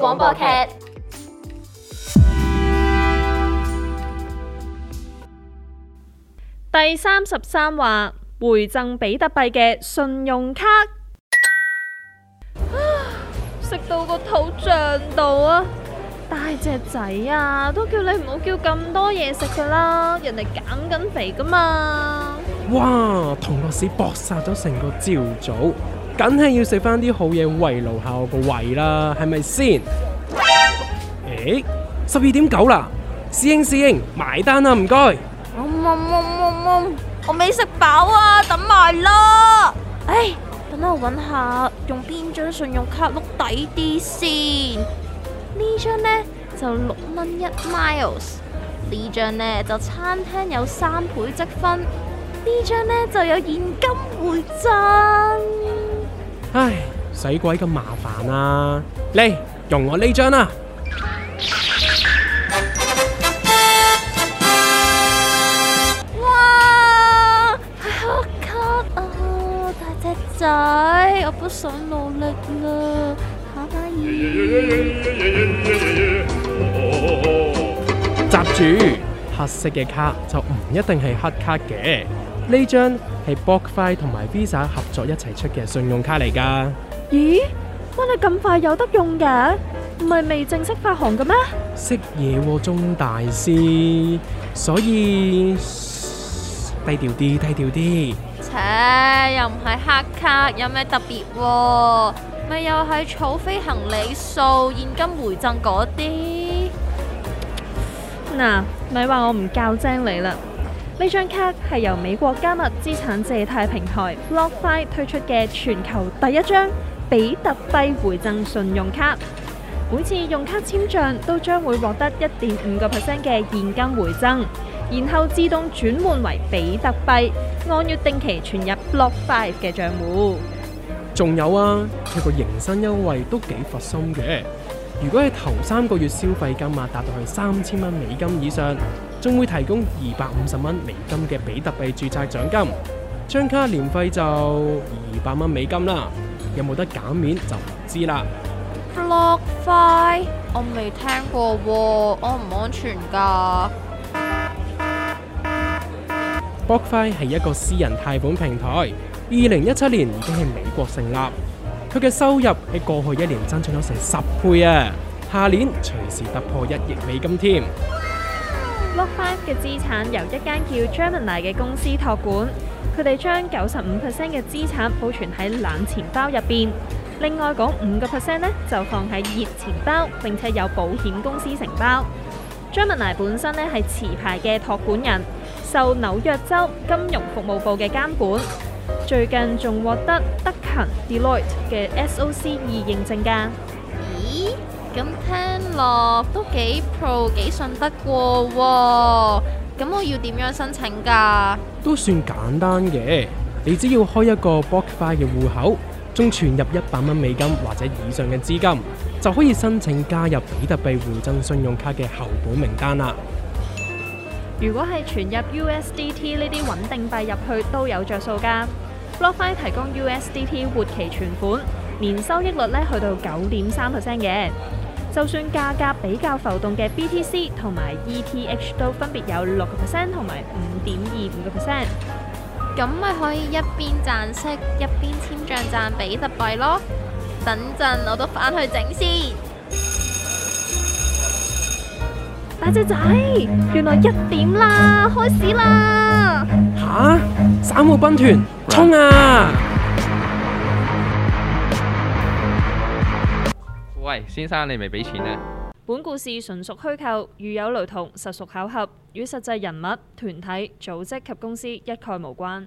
廣播劇第三十三話，回贈比特幣嘅信用卡。食到個肚脹到啊！大隻仔啊，都叫你唔好叫咁多嘢食噶啦，人哋減緊肥噶嘛！哇，同個市搏殺咗成個朝早。梗係要食翻啲好嘢慰勞下我個胃啦，係咪先？誒、欸，十二點九啦，師兄師兄，埋單啦，唔該。我冇冇冇冇，我未食飽啊，等埋啦。唉，等我搵下，用邊張信用卡碌抵啲先？呢張呢，就六蚊一 miles，呢張咧就餐廳有三倍積分，呢張呢，就有現金回贈。唉，使鬼咁麻煩啊！嚟用我呢張啊。哇，係黑卡啊，哦，大隻仔，我不想努力啦，卡而已。閘住黑色嘅卡就唔一定係黑卡嘅。呢張係 BlockFi 同埋 Visa 合作一齊出嘅信用卡嚟噶。咦，乜你咁快有得用嘅？唔係未正式發行嘅咩？識嘢喎，鍾大師，所以低調啲，低調啲。睇，又唔係黑卡，有咩特別？咪又係儲飛行里數、現金回贈嗰啲。嗱，咪話我唔教精你啦。呢張卡係由美國加密資產借貸平台 BlockFi 推出嘅全球第一張比特幣回贈信用卡，每次用卡簽賬都將會獲得一點五個 percent 嘅現金回贈，然後自動轉換為比特幣，按月定期存入 BlockFi 嘅賬戶。仲有啊，佢個迎新優惠都幾佛心嘅，如果係頭三個月消費金額、啊、達到係三千蚊美金以上。仲會提供二百五十蚊美金嘅比特幣注冊獎金，張卡年費就二百蚊美金啦，有冇得減免就唔知啦。BlockFi 我未聽過，安唔安全噶？BlockFi 係一個私人貸款平台，二零一七年已經喺美國成立，佢嘅收入喺過去一年增長咗成十倍啊，下年隨時突破一億美金添。Lock Five 嘅資產由一間叫 Gemini 嘅公司託管，佢哋將九十五 percent 嘅資產保存喺冷錢包入邊，另外嗰五個 percent 咧就放喺熱錢包，並且有保險公司承包。Gemini 本身咧係持牌嘅託管人，受紐約州金融服務部嘅監管，最近仲獲得德勤 Deloitte 嘅 SOC 二認證㗎。咁聽落都幾 pro，幾信得過喎。咁我要點樣申請噶？都算簡單嘅，你只要開一個 BlockFi 嘅戶口，仲存入一百蚊美金或者以上嘅資金，就可以申請加入比特幣回贈信用卡嘅候補名單啦。如果係存入 USDT 呢啲穩定幣入去都有着數噶。BlockFi 提供 USDT 活期存款。年收益率咧去到九點三 percent 嘅，就算價格比較浮動嘅 BTC 同埋 ETH 都分別有六個 percent 同埋五點二五個 percent，咁咪可以一邊賺息一邊簽賬賺比特幣咯。等陣我都返去整先，大隻仔，原來一點啦，開始啦！吓，散戶軍團，衝啊！喂，先生，你未俾錢呢？本故事純屬虛構，如有雷同，實屬巧合，與實際人物、團體、組織及公司一概無關。